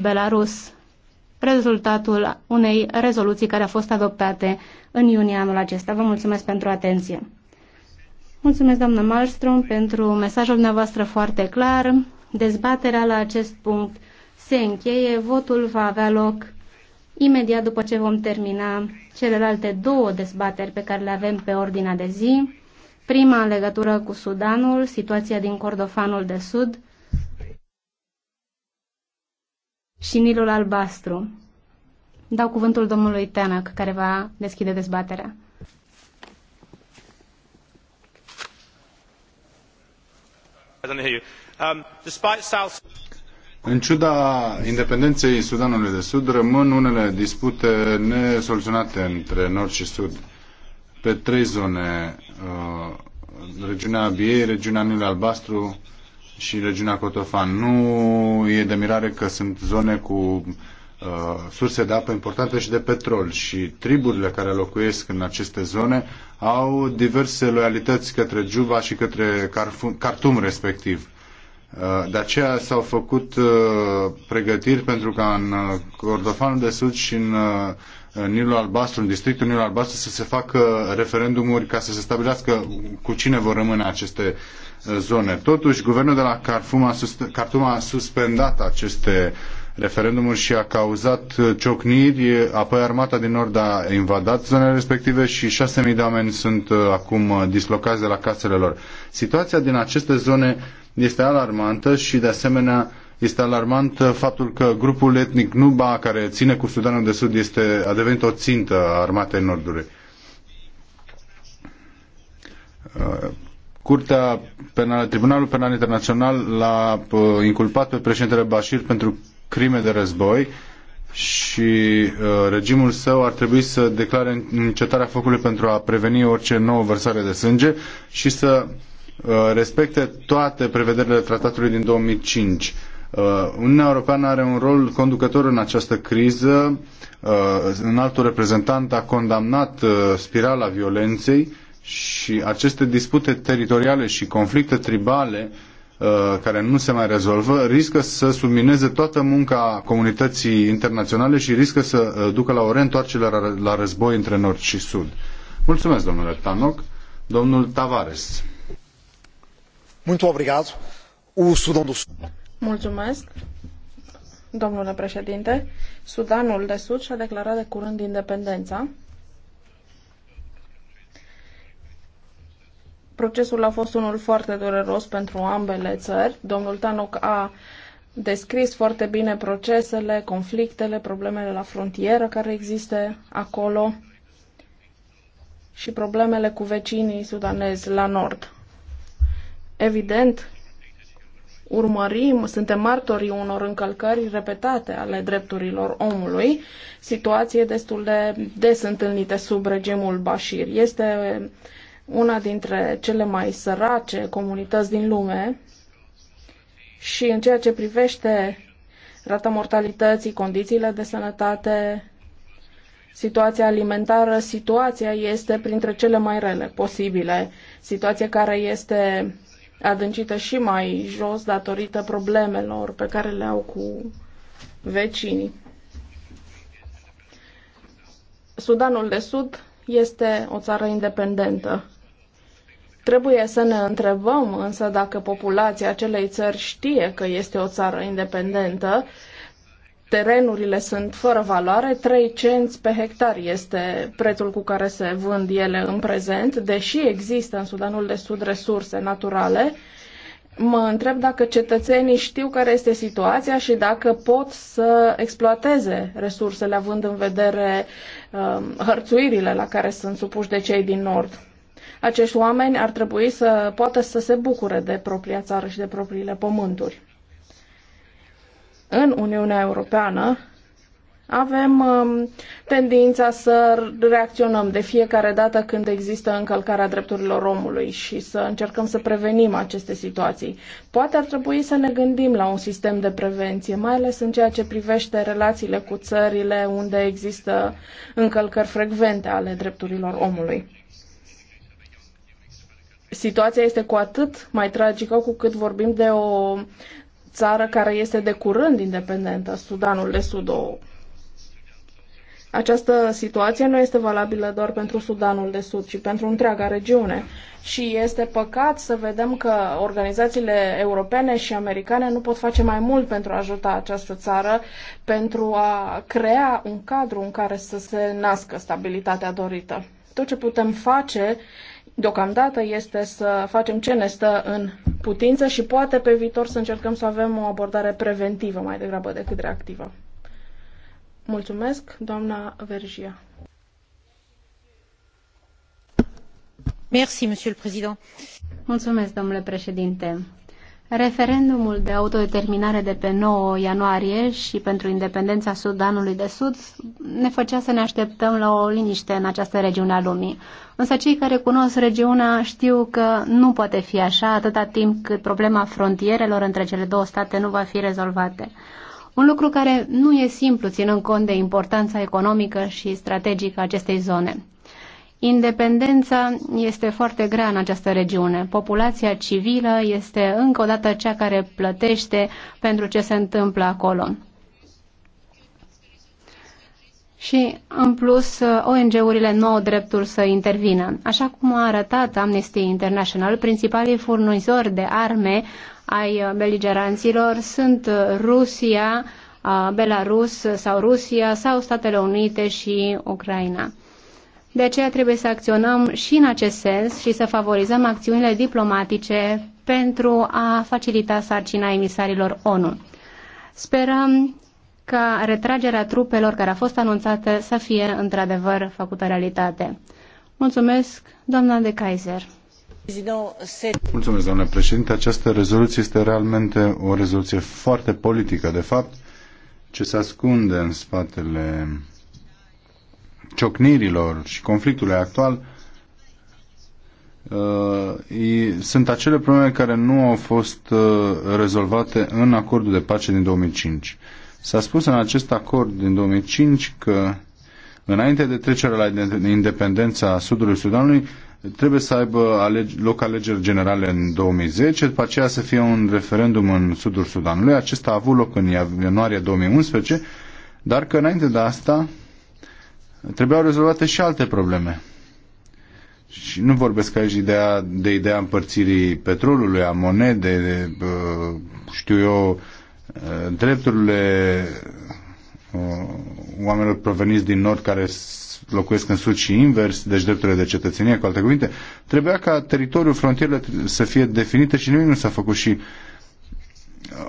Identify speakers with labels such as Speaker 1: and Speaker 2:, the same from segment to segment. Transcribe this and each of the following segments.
Speaker 1: Belarus, rezultatul unei rezoluții care a fost adoptate în iunie anul acesta. Vă mulțumesc pentru atenție. Mulțumesc, doamnă Malmström, pentru mesajul dumneavoastră foarte clar. Dezbaterea la acest punct se încheie. Votul va avea loc imediat după ce vom termina celelalte două dezbateri pe care le avem pe ordinea de zi. Prima în legătură cu Sudanul, situația din Cordofanul de Sud, și Nilul Albastru. Dau cuvântul domnului Teanac, care va deschide
Speaker 2: dezbaterea.
Speaker 3: În ciuda independenței Sudanului de Sud, rămân unele dispute nesoluționate între nord și sud pe trei zone, uh, regiunea Abiei, regiunea Nilului Albastru și regiunea Cotofan. Nu e de mirare că sunt zone cu uh, surse de apă importante și de petrol și triburile care locuiesc în aceste zone au diverse loialități către Juba și către Cartum respectiv. Uh, de aceea s-au făcut uh, pregătiri pentru ca în Cordofanul de Sud și în în Nilul Albastru, în districtul Nilul Albastru, să se facă referendumuri ca să se stabilească cu cine vor rămâne aceste uh, zone. Totuși, guvernul de la Khartoum a, suspendat aceste referendumuri și a cauzat uh, ciocniri, apoi armata din nord a invadat zonele respective și 6.000 de oameni sunt uh, acum dislocați de la casele lor. Situația din aceste zone este alarmantă și, de asemenea, este alarmant faptul că grupul etnic Nuba, care ține cu Sudanul de Sud, este, a devenit o țintă a armatei Nordului. Uh, Curtea Penală, Tribunalul Penal Internațional l-a uh, inculpat pe președintele Bashir pentru crime de război și uh, regimul său ar trebui să declare încetarea focului pentru a preveni orice nouă vărsare de sânge și să uh, respecte toate prevederile tratatului din 2005. Uh, Uniunea Europeană are un rol conducător în această criză. Uh, un altul reprezentant a condamnat uh, spirala violenței și aceste dispute teritoriale și conflicte tribale care nu se mai rezolvă, riscă să submineze toată munca comunității internaționale și riscă să ducă la o reîntoarcere la război între nord și sud. Mulțumesc, domnule Tanoc. Domnul Tavares.
Speaker 2: Muito obrigado. O Sudão do Sul.
Speaker 4: Mulțumesc, domnule președinte. Sudanul de Sud și-a declarat de curând independența. Procesul a fost unul foarte dureros pentru ambele țări. Domnul Tanok a descris foarte bine procesele, conflictele, problemele la frontieră care există acolo și problemele cu vecinii sudanezi la nord. Evident urmărim, suntem martorii unor încălcări repetate ale drepturilor omului, situație destul de des întâlnite sub regimul Bashir. Este una dintre cele mai sărace comunități din lume și în ceea ce privește rata mortalității, condițiile de sănătate, situația alimentară, situația este printre cele mai rele posibile. Situație care este adâncită și mai jos datorită problemelor pe care le au cu vecinii. Sudanul de Sud este o țară independentă. Trebuie să ne întrebăm însă dacă populația acelei țări știe că este o țară independentă terenurile sunt fără valoare, 3 cenți pe hectar este prețul cu care se vând ele în prezent, deși există în Sudanul de Sud resurse naturale. Mă întreb dacă cetățenii știu care este situația și dacă pot să exploateze resursele, având în vedere um, hărțuirile la care sunt supuși de cei din Nord. Acești oameni ar trebui să poată să se bucure de propria țară și de propriile pământuri în Uniunea Europeană avem um, tendința să reacționăm de fiecare dată când există încălcarea drepturilor omului și să încercăm să prevenim aceste situații. Poate ar trebui să ne gândim la un sistem de prevenție, mai ales în ceea ce privește relațiile cu țările unde există încălcări frecvente ale drepturilor omului. Situația este cu atât mai tragică cu cât vorbim de o țară care este de curând independentă, Sudanul de Sud. Această situație nu este valabilă doar pentru Sudanul de Sud, ci pentru întreaga regiune. Și este păcat să vedem că organizațiile europene și americane nu pot face mai mult pentru a ajuta această țară, pentru a crea un cadru în care să se nască stabilitatea dorită. Tot ce putem face Deocamdată este să facem ce ne stă în putință și poate pe viitor să încercăm să avem o abordare preventivă mai degrabă decât reactivă. Mulțumesc, doamna Vergia.
Speaker 1: Merci, Mulțumesc, domnule președinte. Referendumul de autodeterminare de pe 9 ianuarie și pentru independența Sudanului de Sud ne făcea să ne așteptăm la o liniște în această regiune a lumii. Însă cei care cunosc regiunea știu că nu poate fi așa atâta timp cât problema frontierelor între cele două state nu va fi rezolvate. Un lucru care nu e simplu ținând cont de importanța economică și strategică a acestei zone. Independența este foarte grea în această regiune. Populația civilă este încă o dată cea care plătește pentru ce se întâmplă acolo. Și, în plus, ONG-urile nu au dreptul să intervină. Așa cum a arătat Amnesty International, principalii furnizori de arme ai beligeranților sunt Rusia, Belarus sau Rusia sau Statele Unite și Ucraina. De aceea trebuie să acționăm și în acest sens și să favorizăm acțiunile diplomatice pentru a facilita sarcina emisarilor ONU. Sperăm ca retragerea trupelor care a fost anunțată să fie într-adevăr făcută realitate. Mulțumesc, doamna de Kaiser.
Speaker 3: Mulțumesc, doamna președinte. Această rezoluție este realmente o rezoluție foarte politică, de fapt, ce se ascunde în spatele ciocnirilor și conflictului actual uh, sunt acele probleme care nu au fost uh, rezolvate în acordul de pace din 2005. S-a spus în acest acord din 2005 că înainte de trecerea la independența Sudului Sudanului trebuie să aibă alege, loc alegeri generale în 2010, după aceea să fie un referendum în Sudul Sudanului. Acesta a avut loc în ianuarie 2011, dar că înainte de asta trebuiau rezolvate și alte probleme. Și nu vorbesc aici de ideea, de ideea împărțirii petrolului, a monede, de, uh, știu eu, uh, drepturile uh, oamenilor proveniți din nord care locuiesc în sud și invers, deci drepturile de cetățenie, cu alte cuvinte, trebuia ca teritoriul, frontierele să fie definite și nimic nu s-a făcut și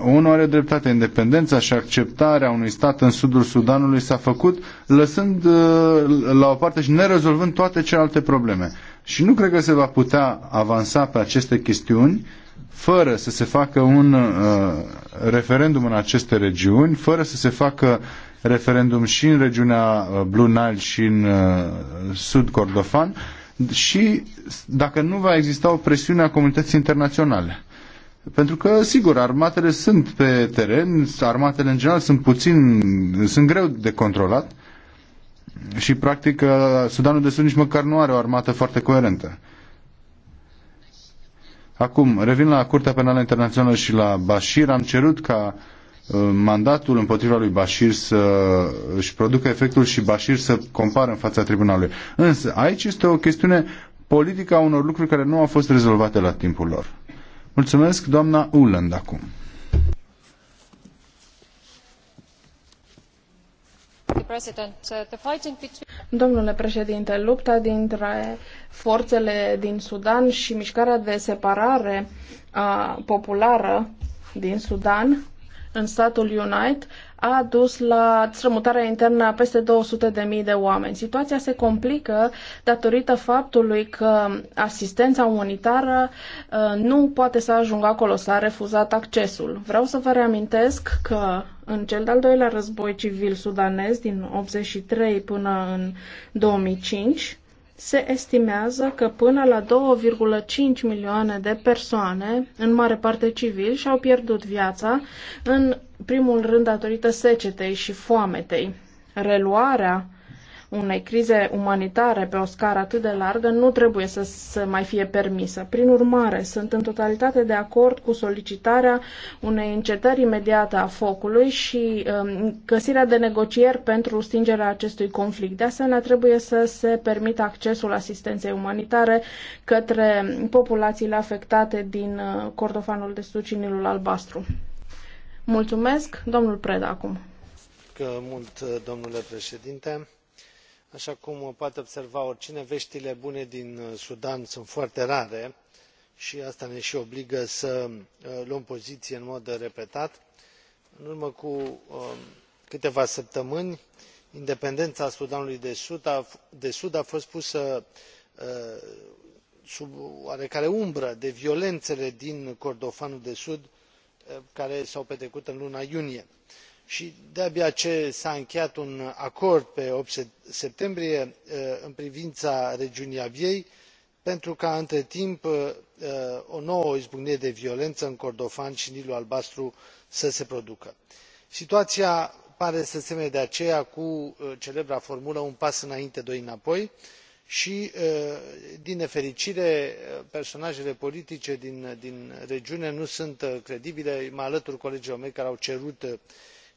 Speaker 3: unul are dreptate. Independența și acceptarea unui stat în sudul Sudanului s-a făcut lăsând uh, la o parte și nerezolvând toate celelalte probleme. Și nu cred că se va putea avansa pe aceste chestiuni fără să se facă un uh, referendum în aceste regiuni, fără să se facă referendum și în regiunea uh, Blue Nile și în uh, Sud Cordofan și dacă nu va exista o presiune a comunității internaționale. Pentru că, sigur, armatele sunt pe teren, armatele în general sunt puțin, sunt greu de controlat și, practic, uh, Sudanul de Sud nici măcar nu are o armată foarte coerentă. Acum, revin la Curtea Penală Internațională și la Bashir. Am cerut ca uh, mandatul împotriva lui Bashir să își producă efectul și Bashir să compară în fața tribunalului. Însă, aici este o chestiune politică a unor lucruri care nu au fost rezolvate la timpul lor. Mulțumesc, doamna Uland, acum.
Speaker 1: Uh,
Speaker 4: Domnule președinte, lupta dintre forțele din Sudan și mișcarea de separare uh, populară din Sudan în statul Unite a dus la strămutarea internă a peste 200.000 de oameni. Situația se complică datorită faptului că asistența umanitară uh, nu poate să ajungă acolo, s-a refuzat accesul. Vreau să vă reamintesc că în cel de-al doilea război civil sudanez din 83 până în 2005, se estimează că până la 2,5 milioane de persoane, în mare parte civili, și-au pierdut viața, în primul rând datorită secetei și foametei. Reluarea unei crize umanitare pe o scară atât de largă nu trebuie să, să mai fie permisă. Prin urmare, sunt în totalitate de acord cu solicitarea unei încetări imediate a focului și um, găsirea de negocieri pentru stingerea acestui conflict. De asemenea, trebuie să se permită accesul asistenței umanitare către populațiile afectate din uh, Cordofanul de Sud și Nilul Albastru. Mulțumesc, domnul Preda acum.
Speaker 5: Că mult, domnule președinte aa cum poate observa oricine vetile bune din uh, sudan sunt foarte rare i asta ne i obligă să uh, luăm poziie în mod repetat. în urmă cu um, câteva săptămâni independena sudanului de sud a fost pusă uh, sub oarecare umbră de violenele din kordofanul de sud care s au petrecut în luna iunie i de abia ce s a încheiat un acord pe opt septembrie uh, în privina regiunii abiey pentru ca între timp uh, uh, o nouă izbucnire de violenă în kordofan i nilul albastru să se producă. situaia pare să semene de aceea cu celebra formulă un pas înainte doi înapoi i din nefericire personajele politice din regiune nu sunt credibile. mă alătur colegilor mei care au cerut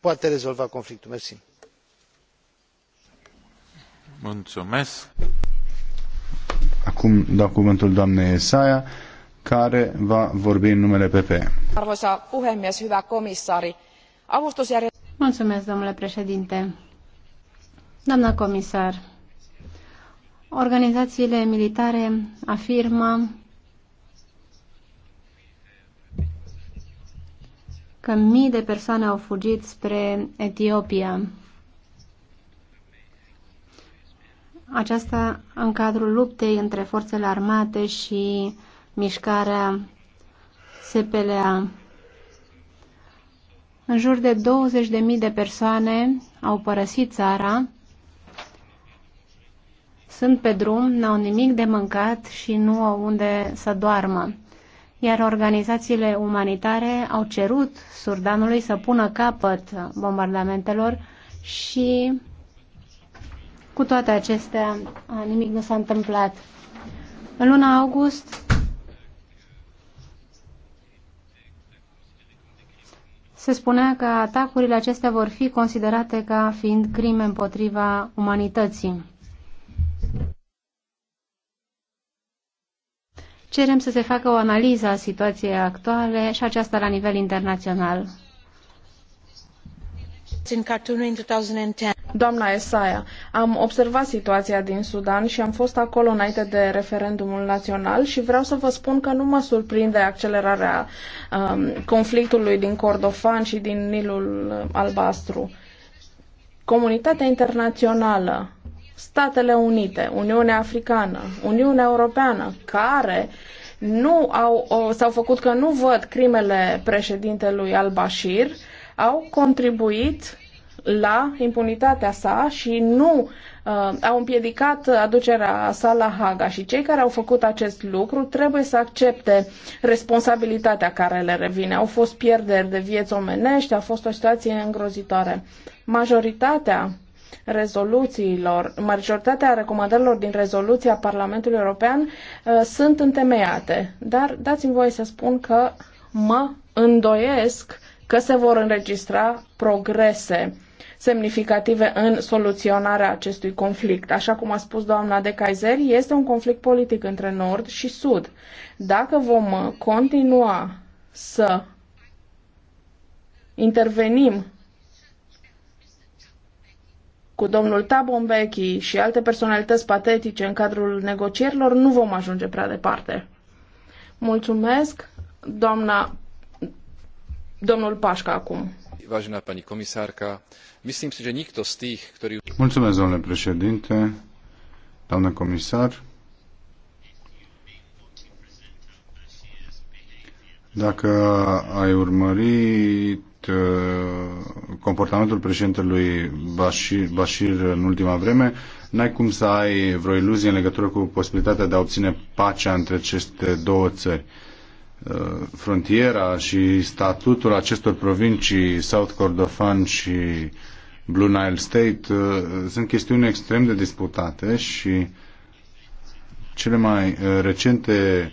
Speaker 5: poate rezolva conflictul.
Speaker 3: Acum care va vorbi în numele
Speaker 4: Arvoisa puhemies, hyvä komissaari. Avustusjärjestelmä... Mulțumesc, domnule președinte.
Speaker 1: comisar, organizațiile militare afirmă că mii de persoane au fugit spre Etiopia. Aceasta în cadrul luptei între forțele armate și mișcarea SPLA. În jur de 20.000 de persoane au părăsit țara, sunt pe drum, n-au nimic de mâncat și nu au unde să doarmă iar organizațiile umanitare au cerut Surdanului să pună capăt bombardamentelor și cu toate acestea nimic nu s-a întâmplat. În luna august se spunea că atacurile acestea vor fi considerate ca fiind crime împotriva umanității. Cerem să se facă o analiză a situației actuale și aceasta la nivel internațional.
Speaker 4: Doamna Esaia, am observat situația din Sudan și am fost acolo înainte de referendumul național și vreau să vă spun că nu mă surprinde accelerarea um, conflictului din Cordofan și din Nilul Albastru. Comunitatea internațională Statele Unite, Uniunea Africană, Uniunea Europeană, care nu au, s-au făcut că nu văd crimele președintelui al-Bashir, au contribuit la impunitatea sa și nu uh, au împiedicat aducerea sa la Haga și cei care au făcut acest lucru trebuie să accepte responsabilitatea care le revine. Au fost pierderi de vieți omenești, a fost o situație îngrozitoare. Majoritatea rezoluțiilor, majoritatea recomandărilor din rezoluția Parlamentului European uh, sunt întemeiate. Dar dați-mi voie să spun că mă îndoiesc că se vor înregistra progrese semnificative în soluționarea acestui conflict. Așa cum a spus doamna de Kaiser, este un conflict politic între Nord și Sud. Dacă vom uh, continua să intervenim cu domnul Tabombeki și alte personalități patetice în cadrul negocierilor, nu vom ajunge prea departe. Mulțumesc, doamna, domnul Pașca acum. Vážená pani komisárka, myslím si, že nikto z tých, ktorí...
Speaker 3: Mulțumesc, domnule președinte, doamna comisar. Dacă ai urmărit Uh, comportamentul președintelui Bashir, Bashir în ultima vreme, n-ai cum să ai vreo iluzie în legătură cu posibilitatea de a obține pacea între aceste două țări. Uh, frontiera și statutul acestor provincii, South Kordofan și Blue Nile State, uh, sunt chestiuni extrem de disputate și cele mai recente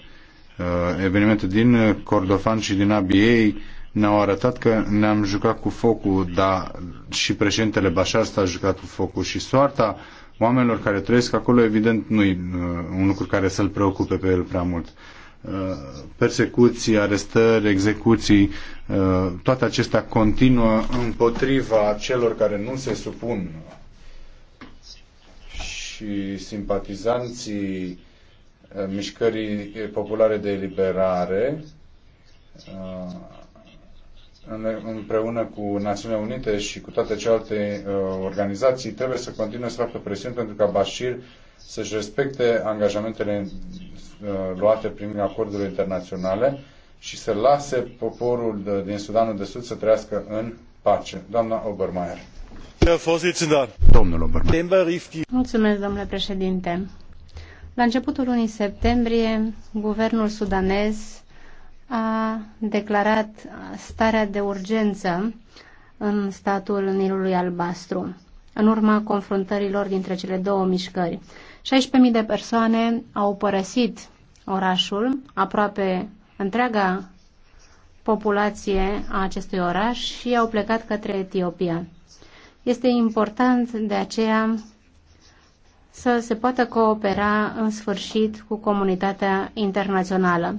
Speaker 3: evenimente din Kordofan și din ABA ne-au arătat că ne-am jucat cu focul, dar și președintele Bashar s-a jucat cu focul și soarta oamenilor care trăiesc acolo, evident, nu e uh, un lucru care să-l preocupe pe el prea mult. Uh, persecuții, arestări, execuții, uh, toate acestea continuă împotriva celor care nu se supun și simpatizanții mișcării populare de eliberare împreună cu Națiunile Unite și cu toate celelalte uh, organizații, trebuie să continue să facă presiuni pentru ca Bashir să-și respecte angajamentele uh, luate prin acordurile internaționale și să lase poporul de, din Sudanul de Sud să trăiască în pace. Doamna Obermeier. Domnul
Speaker 2: Obermeier.
Speaker 1: Mulțumesc, domnule președinte. La începutul lunii septembrie, guvernul sudanez a declarat starea de urgență în statul Nilului Albastru, în urma confruntărilor dintre cele două mișcări. 16.000 de persoane au părăsit orașul, aproape întreaga populație a acestui oraș și au plecat către Etiopia. Este important de aceea să se poată coopera în sfârșit cu comunitatea internațională.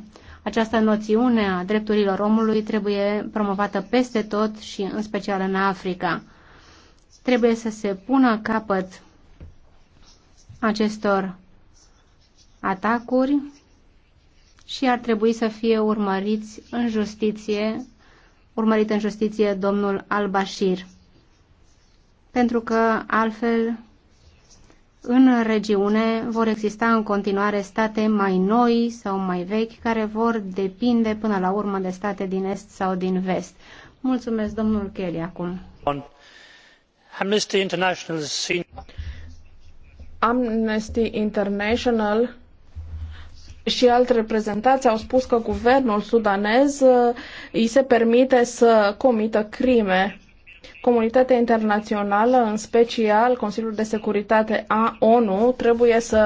Speaker 1: Această noțiune a drepturilor omului trebuie promovată peste tot și în special în Africa. Trebuie să se pună capăt acestor atacuri și ar trebui să fie urmăriți în justiție, urmărit în justiție domnul Al-Bashir. Pentru că altfel în regiune vor exista în continuare state mai noi sau mai vechi care vor depinde până la urmă de state din est sau din vest.
Speaker 4: Mulțumesc, domnul Kelly, acum. Amnesty International, și alți reprezentanți au spus că guvernul sudanez uh, îi se permite să comită crime Comunitatea internațională, în special Consiliul de Securitate a ONU, trebuie să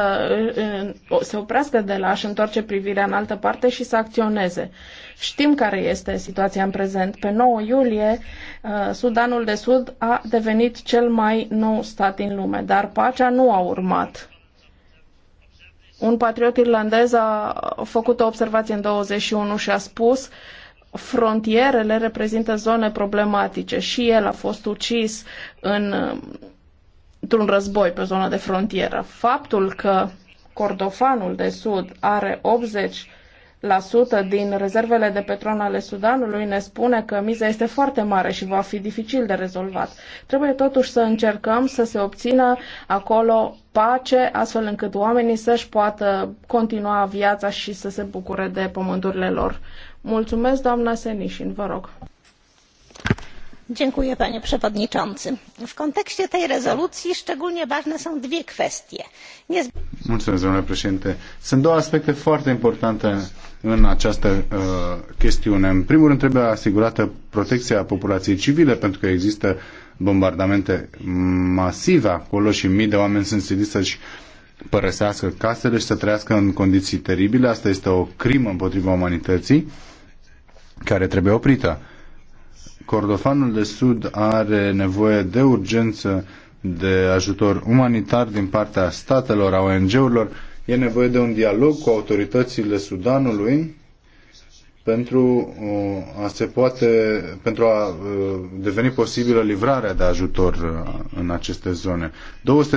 Speaker 4: se oprească de la a-și întoarce privirea în altă parte și să acționeze. Știm care este situația în prezent. Pe 9 iulie, uh, Sudanul de Sud a devenit cel mai nou stat din lume, dar pacea nu a urmat. Un patriot irlandez a făcut o observație în 21 și a spus uh, frontierele reprezintă zone problematice și el a fost ucis în, într-un război pe zona de frontieră. Faptul că Cordofanul de Sud are 80 din rezervele de petrol ale Sudanului ne spune că miza este foarte mare și va fi dificil de rezolvat. Trebuie totuși să încercăm să se obțină acolo pace, astfel încât oamenii să-și poată continua viața și să se bucure de pământurile lor. Mulțumesc, doamna Senișin, vă rog panie przewodniczący! w kontekście tej rezolucji
Speaker 1: szczególnie ważne są dwie kwestie
Speaker 3: sunt două aspecte foarte importante în această uh, chestiune. în primul rând trebuie asigurată protecția populației civile pentru că există bombardamente masive acolo și mii de oameni sunt siliți să-și părăsească casele și să trăiască în condiții teribile. Asta este o crimă împotriva umanității care trebuie oprită Cordofanul de Sud are nevoie de urgență de ajutor umanitar din partea statelor, a ONG-urilor. E nevoie de un dialog cu autoritățile Sudanului pentru uh, a, se poate, pentru a uh, deveni posibilă livrarea de ajutor uh, în aceste zone.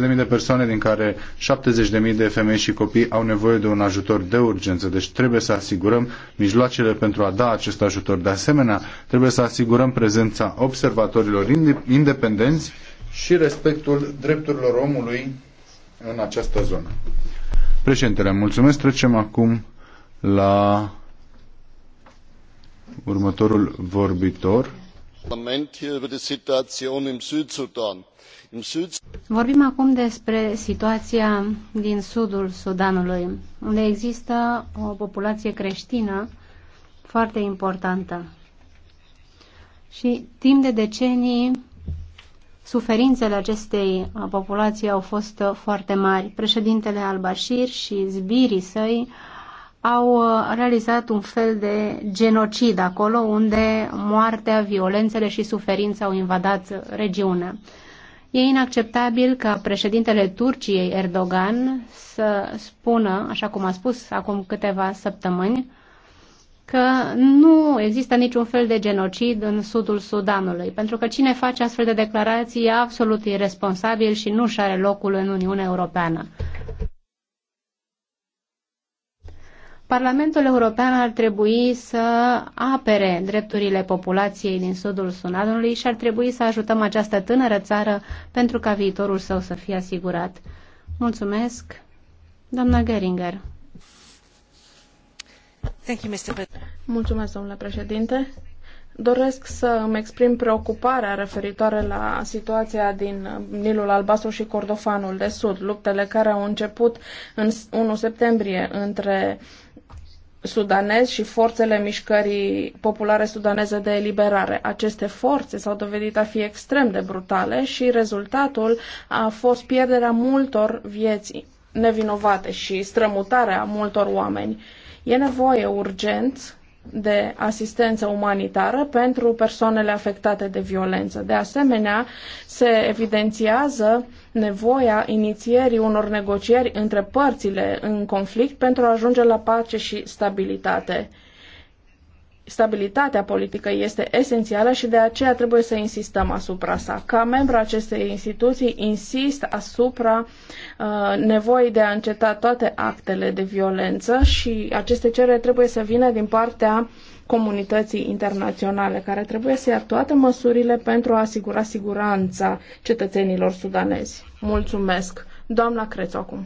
Speaker 3: 200.000 de persoane, din care 70.000 de femei și copii au nevoie de un ajutor de urgență, deci trebuie să asigurăm mijloacele pentru a da acest ajutor. De asemenea, trebuie să asigurăm prezența observatorilor independenți și respectul drepturilor omului în această zonă. Președintele, mulțumesc. Trecem acum la următorul vorbitor.
Speaker 1: Vorbim acum despre situația din sudul Sudanului, unde există o populație creștină foarte importantă. Și timp de decenii, suferințele acestei uh, populații au fost uh, foarte mari. Președintele al-Bashir și zbirii săi au uh, realizat un fel de genocid acolo unde moartea, violențele și suferința au invadat regiunea. E inacceptabil ca președintele Turciei Erdogan să spună, așa cum a spus acum câteva săptămâni, că nu există niciun fel de genocid în sudul Sudanului, pentru că cine face astfel de declarații e absolut irresponsabil și nu și are locul în Uniunea Europeană. Parlamentul European ar trebui să apere drepturile populației din sudul Sudanului și ar trebui să ajutăm această tânără țară pentru ca viitorul său să fie asigurat. Mulțumesc, doamna Geringer.
Speaker 4: Mulțumesc, domnule președinte. Doresc să îmi exprim preocuparea referitoare la situația din Nilul Albastru și Cordofanul de Sud, luptele care au început în 1 septembrie între uh, sudanez și forțele mișcării populare sudaneze de eliberare. Aceste forțe s-au dovedit a fi extrem de brutale și rezultatul a fost pierderea multor vieți nevinovate și strămutarea multor oameni. E nevoie urgent de asistență umanitară pentru persoanele afectate de violență. De asemenea, se evidențiază nevoia inițierii unor negocieri între părțile în conflict pentru a ajunge la pace și stabilitate stabilitatea politică este esențială și de aceea trebuie să insistăm asupra sa. Ca membru acestei instituții, insist asupra uh, nevoii de a înceta toate actele de violență și aceste cereri trebuie să vină din partea comunității internaționale, care trebuie să ia toate măsurile pentru a asigura siguranța cetățenilor sudanezi. Mulțumesc! Doamna Crețu acum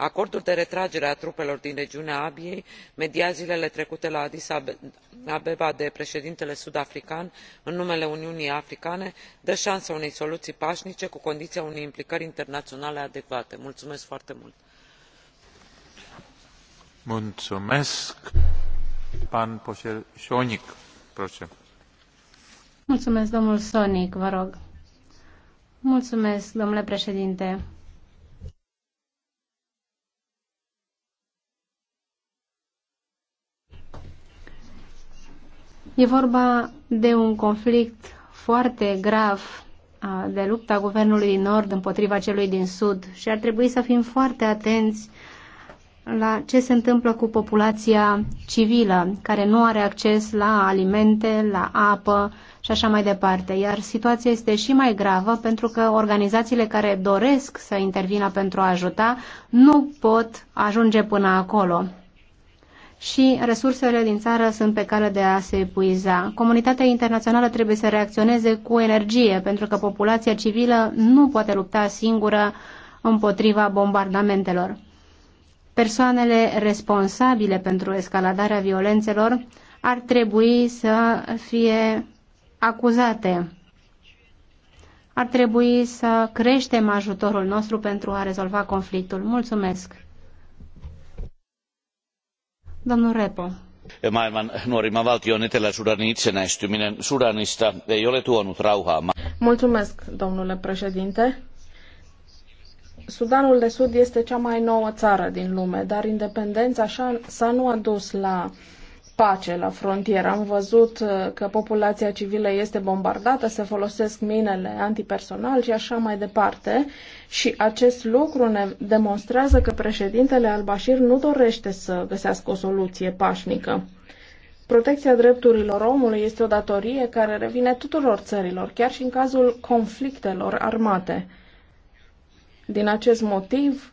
Speaker 6: acordul de retragere a trupelor din regiunea abiey mediat zilele trecute la addis abeba de preedintele sud african în numele uniunii africane dă ansa unei soluii panice cu condiia unei implicări internaionale adecvate. mulumesc foarte mult!
Speaker 3: Mulțumesc. Pan
Speaker 1: Mulțumesc, domnul vă rog. Mulțumesc, domnule președinte. E vorba de un conflict foarte grav de lupta guvernului din Nord împotriva celui din Sud și ar trebui să fim foarte atenți la ce se întâmplă cu populația civilă, care nu are acces la alimente, la apă și așa mai departe. Iar situația este și mai gravă pentru că organizațiile care doresc să intervină pentru a ajuta nu pot ajunge până acolo și resursele din țară sunt pe cale de a se epuiza. Comunitatea internațională trebuie să reacționeze cu energie, pentru că populația civilă nu poate lupta singură împotriva bombardamentelor. Persoanele responsabile pentru escaladarea violențelor ar trebui să fie acuzate. Ar trebui să creștem ajutorul nostru pentru a rezolva conflictul. Mulțumesc!
Speaker 5: Maailman nuorimman valtion Etelä-Sudanin itsenäistyminen Sudanista ei ole tuonut rauhaa.
Speaker 4: Mulțumesc, domnule președinte. Sudanul de Sud este cea mai nouă țară din lume, dar independența sa nu a dus la uh, pace la frontieră. Am văzut uh, că populația civilă este bombardată, se folosesc minele antipersonal și așa mai departe. Și acest lucru ne demonstrează că președintele al-Bashir nu dorește să găsească o soluție pașnică. Protecția drepturilor omului este o datorie care revine tuturor țărilor, chiar și în cazul conflictelor armate. Din acest motiv,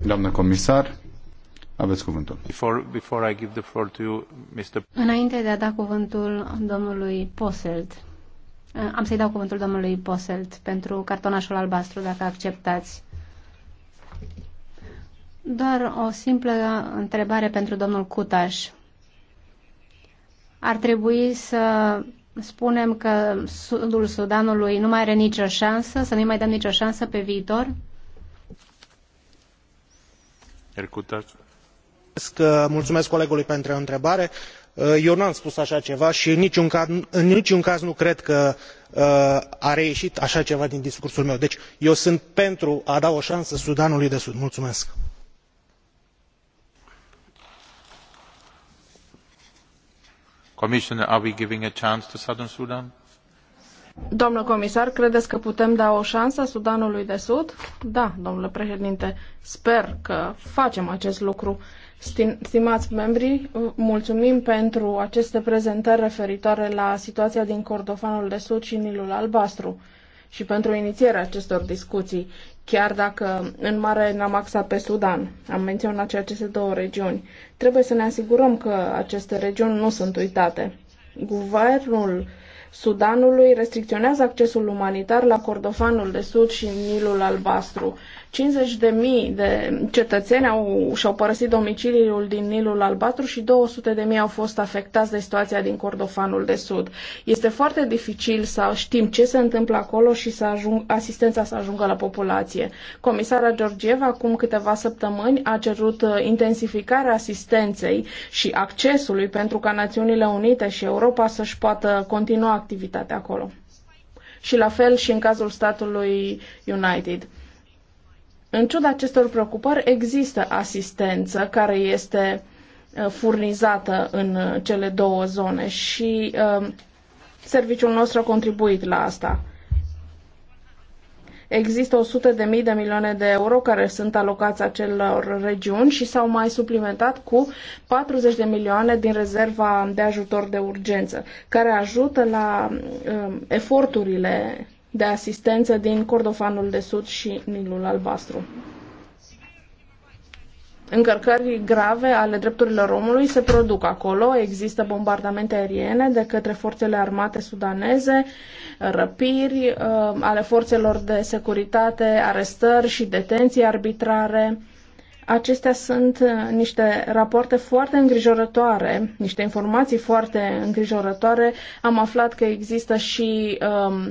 Speaker 3: Doamnă comisar, aveți cuvântul. Before, before I give the floor to you, Mr.
Speaker 1: Înainte de a da cuvântul domnului Posselt, eh, am să-i dau cuvântul domnului Posselt pentru cartonașul albastru, dacă acceptați. Doar o simplă întrebare pentru domnul Cutaș. Ar trebui să spunem că sudul Sudanului nu mai are nicio șansă, să nu-i mai dăm nicio șansă pe
Speaker 2: viitor? mulumesc colegului pentru întrebare uh, eu nu am spus aa ceva i în niciun caz nu cred că uh, a reieit aa ceva din discursul meu deci eu sunt pentru a da o ansă sudanului de sud.
Speaker 4: Doamnă comisar, credeți că putem da o șansă Sudanului de Sud? Da, domnule președinte, sper că facem acest lucru. Stimați membri, mulțumim pentru aceste prezentări referitoare la situația din Cordofanul de Sud și Nilul Albastru și pentru inițierea acestor discuții, chiar dacă în mare ne-am axat pe Sudan. Am menționat și aceste două regiuni. Trebuie să ne asigurăm că aceste regiuni nu sunt uitate. Guvernul Sudanului restricționează accesul umanitar la Cordofanul de Sud și Nilul Albastru. 50.000 de cetățeni au, și-au părăsit domiciliul din Nilul Albatru și 200.000 au fost afectați de situația din Cordofanul de Sud. Este foarte dificil să știm ce se întâmplă acolo și să ajung, asistența să ajungă la populație. Comisara Georgieva acum câteva săptămâni a cerut uh, intensificarea asistenței și accesului pentru ca Națiunile Unite și Europa să-și poată continua activitatea acolo. Și la fel și în cazul statului United. În ciuda acestor preocupări, există asistență care este uh, furnizată în uh, cele două zone și uh, serviciul nostru a contribuit la asta. Există 100 de mii de milioane de euro care sunt alocați acelor regiuni și s-au mai suplimentat cu 40 de milioane din rezerva de ajutor de urgență, care ajută la eforturile de asistență din Cordofanul de Sud și Nilul Albastru. Încărcări grave ale drepturilor omului se produc acolo. Există bombardamente aeriene de către forțele armate sudaneze, răpiri uh, ale forțelor de securitate, arestări și detenții arbitrare acestea sunt uh, niște rapoarte foarte îngrijorătoare, niște informații foarte îngrijorătoare. Am aflat că există și uh,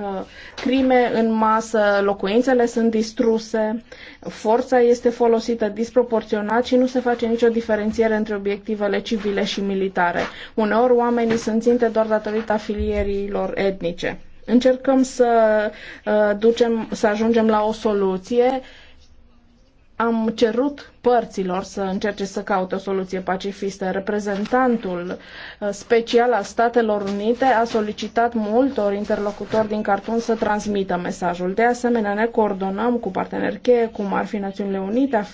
Speaker 4: Uh, crime în masă, locuințele sunt distruse, forța este folosită disproporționat și nu se face nicio diferențiere între obiectivele civile și militare. Uneori oamenii sunt ținte doar datorită afilierilor etnice. Încercăm să, uh, ducem, să ajungem la o soluție am cerut părților să încerce să caute o soluție pacifistă. Reprezentantul uh, special al Statelor Unite a solicitat multor interlocutori din Cartun să transmită mesajul. De asemenea, ne coordonăm cu parteneri cheie, cum ar fi Națiunile Unite,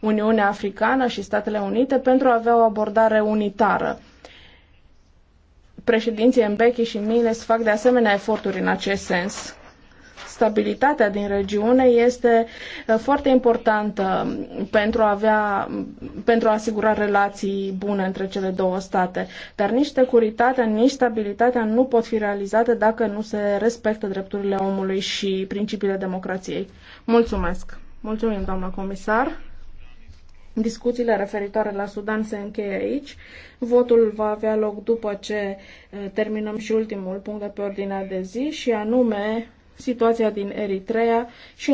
Speaker 4: Uniunea Africană și Statele Unite, pentru a avea o abordare unitară. Președinții Mbeki și Miles fac de asemenea eforturi în acest sens stabilitatea din regiune este uh, foarte importantă pentru a, avea, pentru a asigura relații bune între cele două state. Dar nici securitatea, nici stabilitatea nu pot fi realizate dacă nu se respectă drepturile omului și principiile democrației. Mulțumesc! Mulțumim, doamna comisar! Discuțiile referitoare la Sudan se încheie aici. Votul va avea loc după ce uh, terminăm
Speaker 6: și ultimul punct de pe ordinea de zi și anume situația din Eritrea și